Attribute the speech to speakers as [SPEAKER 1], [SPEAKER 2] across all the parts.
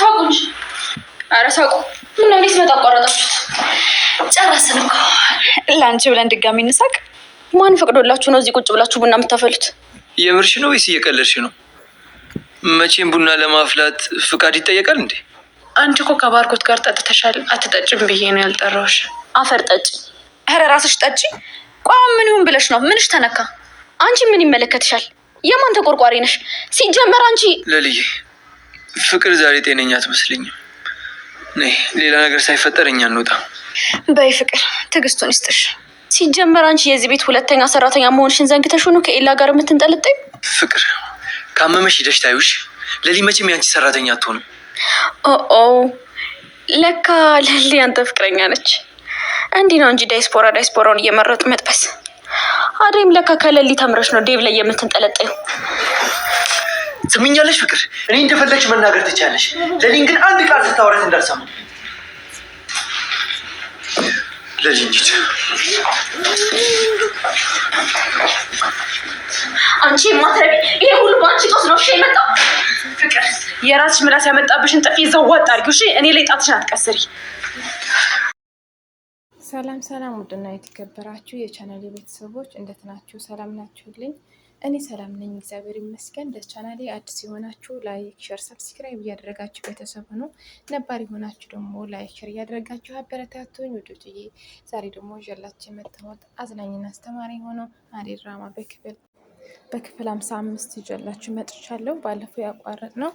[SPEAKER 1] ሳቁ እንጂ። ኧረ ሳቁ። ምነው እኔ ስመጣ አቋረጣችሁት? ጨረስን እኮ። ለአንቺ ብለን ድጋሚ እንሳቅ። ማን ፈቅዶላችሁ ነው እዚህ ቁጭ ብላችሁ ቡና የምታፈሉት?
[SPEAKER 2] የምርሽ ነው ወይስ እየቀለድሽ ነው? መቼም ቡና ለማፍላት ፍቃድ ይጠየቃል እንዴ?
[SPEAKER 1] አንቺ እኮ ከባርኮት ጋር ጠጥተሻል። አትጠጭም ብዬ ነው ያልጠራሁሽ። አፈር ጠጭ። ኧረ ራስሽ ጠጪ። ቆይ ምን ይሁን ብለሽ ነው? ምንሽ ተነካ? አንቺ ምን ይመለከትሻል? የማን ተቆርቋሪ ነሽ ሲጀመር አንቺ?
[SPEAKER 2] ለልዬ ፍቅር ዛሬ ጤነኛ አትመስለኝም። ነይ ሌላ ነገር ሳይፈጠር እኛ እንወጣ።
[SPEAKER 1] በይ ፍቅር ትዕግስቱን ይስጥሽ። ሲጀመር አንቺ የዚህ ቤት ሁለተኛ ሰራተኛ መሆንሽን ዘንግተሽ ነው ከኤላ ጋር የምትንጠልጠኝ።
[SPEAKER 2] ፍቅር ካመመሽ ሂደሽ ታዩሽ። ለሊ መቼም የአንቺ ሰራተኛ አትሆንም።
[SPEAKER 1] ኦ ለካ ለሊ አንተ ፍቅረኛ ነች። እንዲህ ነው እንጂ ዳይስፖራ ዳይስፖራውን እየመረጡ መጥበስ። አደይም ለካ ከለሊ ተምረሽ ነው ዴቭ ላይ የምትንጠለጠዩ።
[SPEAKER 2] ስምኛለሽ ፍቅር፣ እኔ እንደፈለግሽ መናገር ትችያለሽ። ለሊን ግን አንድ ቃል ስታወረት እንዳልሰሙ ለሊንጅት
[SPEAKER 1] አንቺ የማትረቢ ይሄ ሁሉ በአንቺ ጦስ ነው እሺ የመጣው። ፍቅር፣ የራስሽ ምላስ ያመጣብሽን ጥፊ ዘወጥ አድርጊው እሺ። እኔ ላይ ጣትሽን አትቀስሪ።
[SPEAKER 3] ሰላም ሰላም፣ ውድና የተከበራችሁ የቻናል ቤተሰቦች እንደት ናችሁ? ሰላም ናችሁልኝ? እኔ ሰላም ነኝ፣ እግዚአብሔር ይመስገን። ለቻናሌ አዲስ የሆናችሁ ላይክ፣ ሸር፣ ሰብስክራይብ እያደረጋችሁ ቤተሰብ ነው ነባር የሆናችሁ ደግሞ ላይክ፣ ሸር እያደረጋችሁ አበረታቱኝ ውዶችዬ። ዛሬ ደግሞ ጀላችን መተወት አዝናኝና አስተማሪ የሆነው ሐረግ ድራማ በክፍል በክፍል ሃምሳ አምስት ይዤላችሁ መጥቻለሁ። ባለፈው ያቋረጥ ነው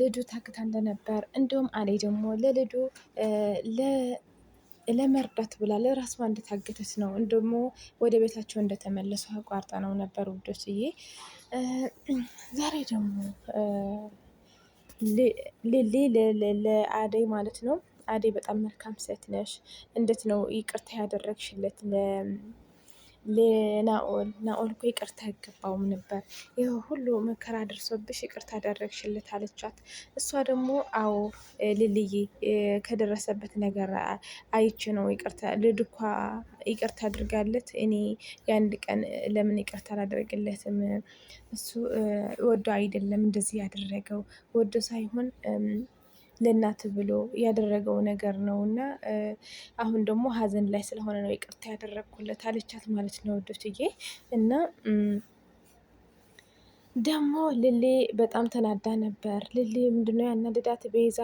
[SPEAKER 3] ልዱ ታክታ እንደነበር እንዲሁም አሌ ደግሞ ለልዱ ለመርዳት ብላ ለራሷ እንደታገተች ነው እንደሞ ወደ ቤታቸው እንደተመለሱ አቋርጠ ነው ነበር ውዶችዬ። ዛሬ ደግሞ ሊሊ ለአደይ ማለት ነው አደይ በጣም መልካም ሴት ነሽ፣ እንዴት ነው ይቅርታ ያደረግሽለት ለናኦል ናኦል እኮ ይቅርታ አይገባውም ነበር፣ ይህ ሁሉ መከራ ደርሶብሽ ይቅርታ አደረግሽለት አለቻት። እሷ ደግሞ አዎ ልልይ ከደረሰበት ነገር አይቼ ነው ይቅርታ ልድኳ ይቅርታ አድርጋለት እኔ የአንድ ቀን ለምን ይቅርታ አላደረግለትም? እሱ ወዶ አይደለም እንደዚህ ያደረገው ወዶ ሳይሆን ለእናት ብሎ ያደረገው ነገር ነው እና አሁን ደግሞ ሀዘን ላይ ስለሆነ ነው ይቅርታ ያደረግኩለት አለቻት ማለት ነው ውዶችዬ እና ደግሞ ልሌ በጣም ተናዳ ነበር። ልሌ ምንድነው ያናደዳት? ቤዛ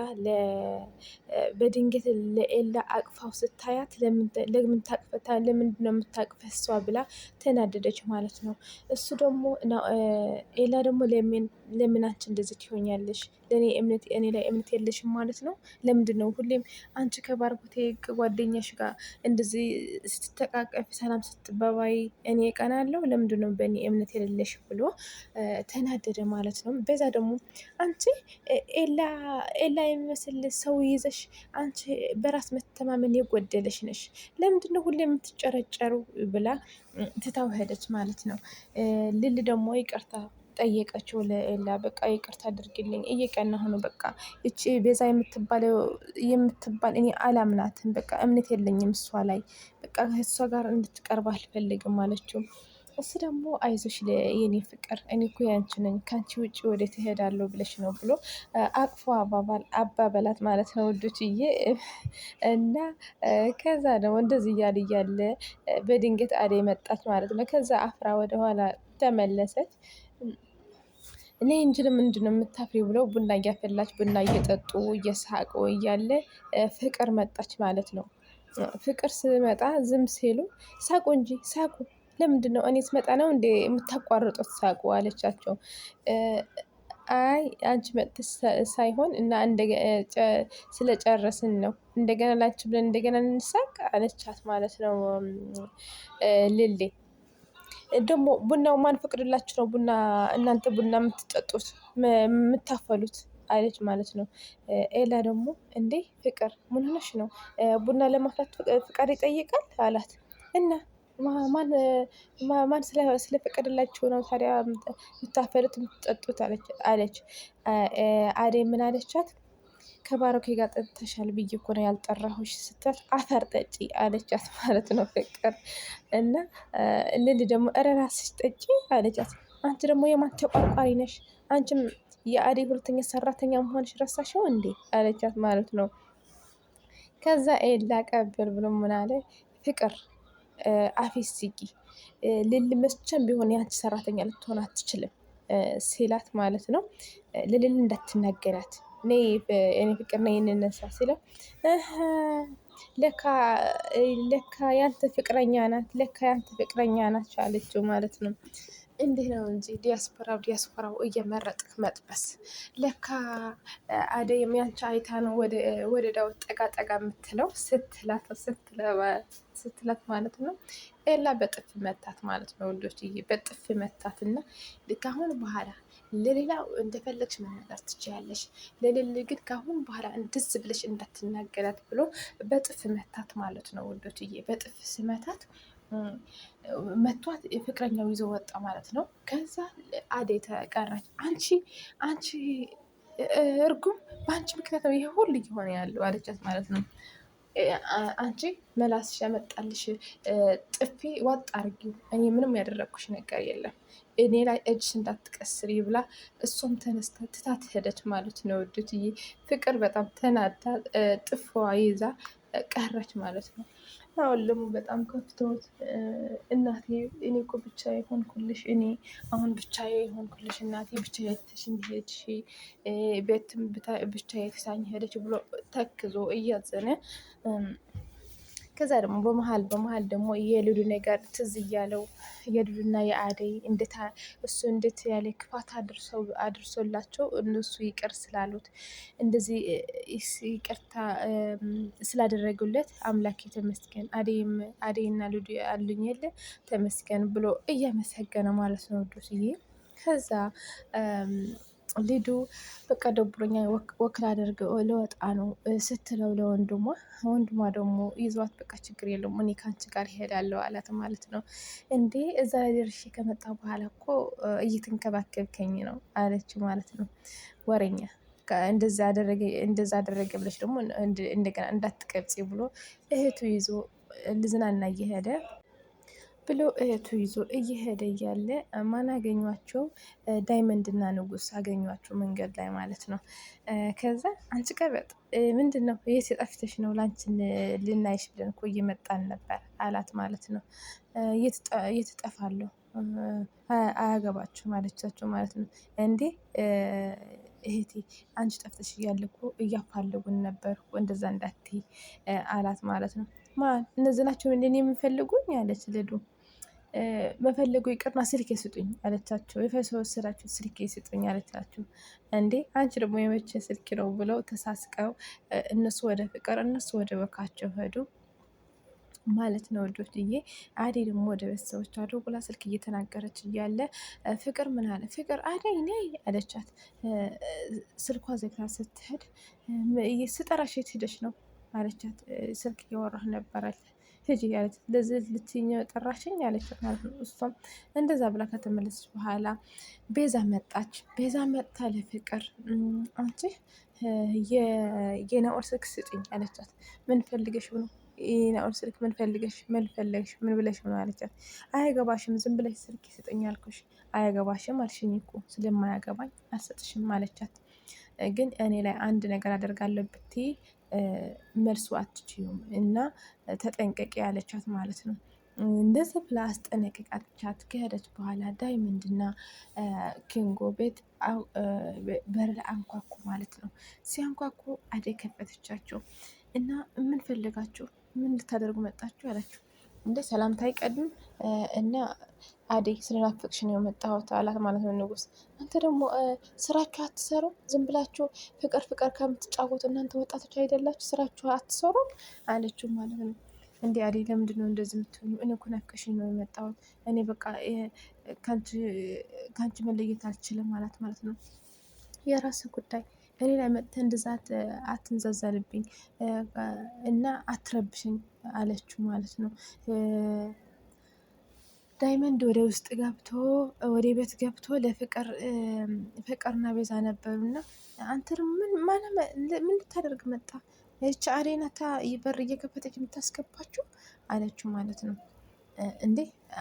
[SPEAKER 3] በድንገት ለኤላ አቅፋው ስታያት ለምንድን ነው የምታቅፈ እሷ ብላ ተናደደች ማለት ነው። እሱ ደግሞ ኤላ ደግሞ ለምን አንቺ እንደዚህ ትሆኛለሽ? ለእኔ እምነት እኔ ላይ እምነት የለሽም ማለት ነው። ለምንድን ነው ሁሌም አንቺ ከባርኮቴ ጓደኛሽ ጋር እንደዚህ ስትተቃቀፊ ሰላም ስትባባይ እኔ እቀናለሁ? ለምንድን ነው በእኔ እምነት የሌለሽ ብሎ ተናደደ ማለት ነው። በዛ ደግሞ አንቺ ኤላ የሚመስል ሰው ይዘሽ አንቺ በራስ መተማመን የጎደለሽ ነሽ፣ ለምንድን ነው ሁሌ የምትጨረጨሩ ብላ ትታው ሄደች ማለት ነው። ልል ደግሞ ይቅርታ ጠየቀችው ለኤላ። በቃ ይቅርታ አድርግልኝ እየቀናሁ ነው። በቃ እቺ ቤዛ የምትባል እኔ አላምናትን፣ በቃ እምነት የለኝም እሷ ላይ። በቃ እሷ ጋር እንድትቀርብ አልፈልግም አለችው። እሱ ደግሞ አይዞሽ የኔ ፍቅር እኔ እኮ ያንቺ ነኝ ከአንቺ ውጭ ወደ ትሄዳለሁ ብለሽ ነው ብሎ አቅፎ አባባል አባበላት ማለት ነው ውዶችዬ። እና ከዛ ደግሞ እንደዚህ እያል እያለ በድንገት አደይ መጣች ማለት ነው። ከዛ አፍራ ወደኋላ ተመለሰች። እኔ እንጂ ምንድን ነው ብለው ቡና እያፈላች ቡና እየጠጡ እየሳቁ እያለ ፍቅር መጣች ማለት ነው። ፍቅር ስመጣ ዝም ሲሉ ሳቁ እንጂ ሳቁ ለምንድን ነው እኔ ስመጣ ነው እንደ የምታቋርጡት ሳቁ አለቻቸው። አይ አንቺ መጥተሽ ሳይሆን እና ስለጨረስን ነው እንደገና ላንቺ ብለን እንደገና እንሳቅ አለቻት ማለት ነው ልሌ። ደግሞ ቡናው ማን ፈቅድላችሁ ነው ቡና እናንተ ቡና የምትጠጡት የምታፈሉት አለች ማለት ነው። ኤላ ደግሞ እንዴ ፍቅር ምን ሆነሽ ነው ቡና ለማፍላት ፍቃድ ይጠይቃል አላት እና ማን ስለፈቀደላችሁ ነው ታዲያ የምታፈሉት የምትጠጡት? አለች አደይ። ምን አለቻት? ከባሮኬ ጋር ጠጥተሻል ብዬ እኮ ነው ያልጠራሁሽ ስትላት አፈር ጠጪ አለቻት ማለት ነው ፍቅር እና ልል ደግሞ እረ ጠጪ አለቻት። አንቺ ደግሞ የማን ተቋርቋሪ ነሽ? አንቺም የአደይ ሁለተኛ ሰራተኛ መሆንሽ ረሳሽው እንዴ አለቻት ማለት ነው። ከዛ ኤላ ቀብል ብሎ ምናለ ፍቅር አፌስ ልል መቼም ቢሆን የአንቺ ሰራተኛ ልትሆን አትችልም ሲላት ማለት ነው። ልልል እንዳትናገራት እኔ ፍቅር ና ይህንን ሲለው ለካ ያንተ ፍቅረኛ ናት ለካ ያንተ ፍቅረኛ ናት አለችው ማለት ነው። እንዲህ ነው እንጂ ዲያስፖራው ዲያስፖራው እየመረጥክ መጥበስ። ለካ አደይ የሚያንቻ አይታ ነው ወደ ዳዊት ጠጋ ጠጋ የምትለው ስትላት ማለት ነው። ኤላ በጥፍ መታት ማለት ነው። ወንዶች በጥፍ መታት እና ካሁን በኋላ ለሌላው እንደፈለግሽ መናገር ትችያለሽ፣ ለሌል ግን ካሁን በኋላ እንድስ ብለሽ እንዳትናገራት ብሎ በጥፍ መታት ማለት ነው። ወንዶች በጥፍ ስመታት መቷት ፍቅረኛው ይዞ ወጣ ማለት ነው። ከዛ አደይ ተቀረች አንቺ አንቺ እርጉም በአንቺ ምክንያት ነው ይሄ ሁሉ እየሆነ ያለው አለቻት ማለት ነው። አንቺ መላስሽ ያመጣልሽ ጥፊ ዋጥ አርጊ እኔ ምንም ያደረግኩሽ ነገር የለም፣ እኔ ላይ እጅሽ እንዳትቀስሪ ብላ እሷም ተነስታ ትታት ሄደች ማለት ነው። ውድትዬ ፍቅር በጣም ተናዳ ጥፍዋ ይዛ ቀረች ማለት ነው። አሁን ደግሞ በጣም ከፍቶት እናቴ እኔ እኮ ብቻ የሆንኩልሽ እኔ አሁን ብቻ የሆንኩልሽ እናቴ ብቻ የትሽን ሄድሽ ቤትም ብቻ የትሳኝ ሄደች ብሎ ተክዞ እያዘነ ከዛ ደግሞ በመሀል በመሀል ደግሞ የልዱ ነገር ትዝ እያለው የልዱና የአደይ እንደታ እሱ እንዴት ያለ ክፋት አድርሶላቸው እነሱ ይቅር ስላሉት እንደዚህ ይቅርታ ስላደረጉለት አምላክ ተመስገን አደይና ልዱ አሉኝ የለ ተመስገን ብሎ እያመሰገነ ማለት ነው። ዱስዬ ከዛ ሊዱ በቃ ደብሮኛ ወክል ላደርግ ልወጣ ነው ስትለው ለወንድሟ ወንድሟ ደግሞ ይዟት በቃ ችግር የለውም እኔ ከአንቺ ጋር ይሄዳለው አላት ማለት ነው። እንዴ እዛ ላይ ከመጣ በኋላ እኮ እየተንከባከብከኝ ነው አለች ማለት ነው። ወረኛ እንደዛ አደረገ ብለች ደግሞ እንደገና እንዳትቀብጪ ብሎ እህቱ ይዞ ልዝናና እየሄደ ብሎ እህቱ ይዞ እየሄደ እያለ ማን አገኟቸው? ዳይመንድና ንጉስ አገኟቸው መንገድ ላይ ማለት ነው። ከዛ አንቺ ቀበጥ ምንድን ነው የት ጠፍተሽ ነው? ላንቺን ልናይሽ ብለን እኮ እየመጣን ነበር አላት ማለት ነው። የት እጠፋለሁ አያገባችሁ ማለቻቸው ማለት ነው። እንዴ እህቴ አንቺ ጠፍተሽ እያለ እኮ እያፋለጉን ነበር እንደዛ እንዳትይ አላት ማለት ነው። ማን እነዚህ ናቸው ምንድን የምንፈልጉኝ? አለች ልዱ መፈለጉ ይቅርና ስልክ ስጡኝ አለቻቸው። ስራቸው ስልክ ስጡኝ አለቻቸው። እንዴ አንቺ ደግሞ የመቼ ስልክ ነው ብለው ተሳስቀው እነሱ ወደ ፍቅር እነሱ ወደ ወካቸው ሄዱ ማለት ነው ወዶች ዬ አዴ ደግሞ ወደ ቤተሰቦች አዶ ብላ ስልክ እየተናገረች እያለ ፍቅር ምን አለ ፍቅር አደይ ነ አለቻት። ስልኳ ዘግታ ስትሄድ ስጠራሽ የት ሄደሽ ነው አለቻት። ስልክ እያወራህ ነበራል ሂጂ ያለች ለዚህ ልትይኝ ጠራሽኝ ያለች ማለት ነው። እሷም እንደዛ ብላ ከተመለሰች በኋላ ቤዛ መጣች። ቤዛ መጣ ለፍቅር አንቺ የናኦል ስልክ ስጭኝ አለቻት። ምን ፈልገሽ ነው የናኦል ስልክ ምን ፈልገሽ ምን ፈልገሽ ምን ብለሽ ነው አለቻት። አያገባሽም ዝም ብለሽ ስልክ ስጠኝ አልኩሽ። አያገባሽም አልሽኝ እኮ ስለማያገባኝ አልሰጥሽም አለቻት። ግን እኔ ላይ አንድ ነገር አደርጋለሁ ብትይ መልሱ አትችይም እና ተጠንቀቂ ያለቻት ማለት ነው። እንደዚህ ብላ አስጠነቀቀቻት። ከሄደች በኋላ ዳይመንድ እና ኪንጎ ቤት በር አንኳኩ ማለት ነው። ሲያንኳኩ አደይ ከፈተቻቸው እና ምን ፈልጋችሁ ምን ልታደርጉ መጣችሁ አላቸው እንደ ሰላምታ አይቀድም እና አደይ ስለናፈቅሽ ነው የመጣሁት አላት ማለት ነው ንጉስ። አንተ ደግሞ ስራችሁ አትሰሩ ዝም ብላችሁ ፍቅር ፍቅር ከምትጫወቱ እናንተ ወጣቶች አይደላችሁ ስራችሁ አትሰሩ አለችው ማለት ነው። እንዴ አዴ ለምንድን ነው እንደዚህ የምትሆኑ? እኔ እኮ ነው የመጣሁት እኔ በቃ ከአንቺ መለየት አልችልም አላት ማለት ነው። የራስ ጉዳይ እኔ ላይ መጥተህ እንደዛ አትንዘዘልብኝ እና አትረብሽኝ አለችው ማለት ነው። ዳይመንድ ወደ ውስጥ ገብቶ ወደ ቤት ገብቶ ለፍቅር ፍቅርና ቤዛ ነበሩና አንተ ደግሞ ምን ልታደርግ መጣ? ይቺ አሬናታ በር እየከፈተች የምታስገባችሁ አለችው ማለት ነው። እንዴ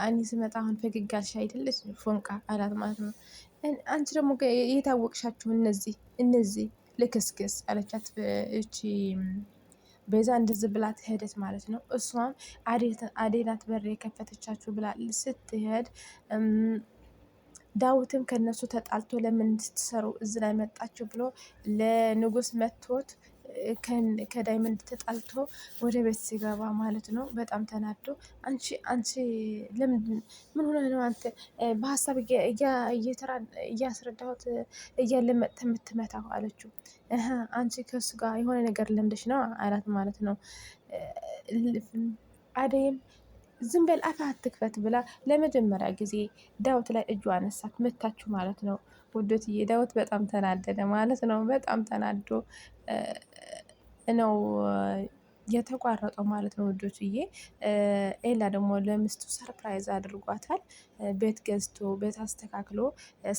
[SPEAKER 3] እኔ ስመጣ አሁን ፈገግ አልሽ አይደለች ፎንቃ አላት ማለት ነው። አንቺ ደግሞ የታወቅሻችሁ እነዚህ እነዚህ ልክስክስ አለቻት። እቺ በዛ እንደዚ ብላ ትሄደች ማለት ነው። እሷም አዴናት በር የከፈተቻችሁ ብላ ስትሄድ ዳዊትም ከነሱ ተጣልቶ ለምን ትሰሩ እዚህ ላይ መጣችሁ ብሎ ለንጉስ መቶት ከዳይመንድ ተጣልቶ ወደ ቤት ሲገባ ማለት ነው። በጣም ተናዶ አንቺ አንቺ ለምን ምን ሆነ ነው አንተ በሀሳብ እያስረዳሁት እያለ መጥተህ የምትመታው አለችው። አንቺ ከሱ ጋር የሆነ ነገር ለምደሽ ነው አላት ማለት ነው። አደይም ዝም በል አፍ አትክፈት ብላ ለመጀመሪያ ጊዜ ዳዊት ላይ እጁ አነሳት መታችሁ ማለት ነው። ውዶትዬ ዳዊት በጣም ተናደደ ማለት ነው። በጣም ተናዶ ነው የተቋረጠው ማለት ነው ውዶችዬ። ኤላ ደግሞ ለሚስቱ ሰርፕራይዝ አድርጓታል። ቤት ገዝቶ ቤት አስተካክሎ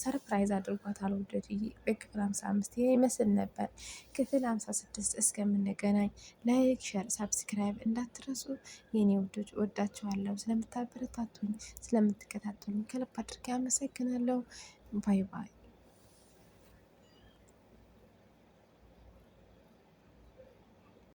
[SPEAKER 3] ሰርፕራይዝ አድርጓታል ዬ በክፍል አምስት ይሄ ይመስል ነበር። ክፍል ስድስት እስከምንገናኝ ላይክ፣ ሸር፣ ሳብስክራይብ እንዳትረሱ የኔ ውዶች። ወዳችኋለሁ። ስለምታበረታቱኝ ስለምትከታተሉኝ ከልብ አድርጌ አመሰግናለሁ። ባይ ባይ።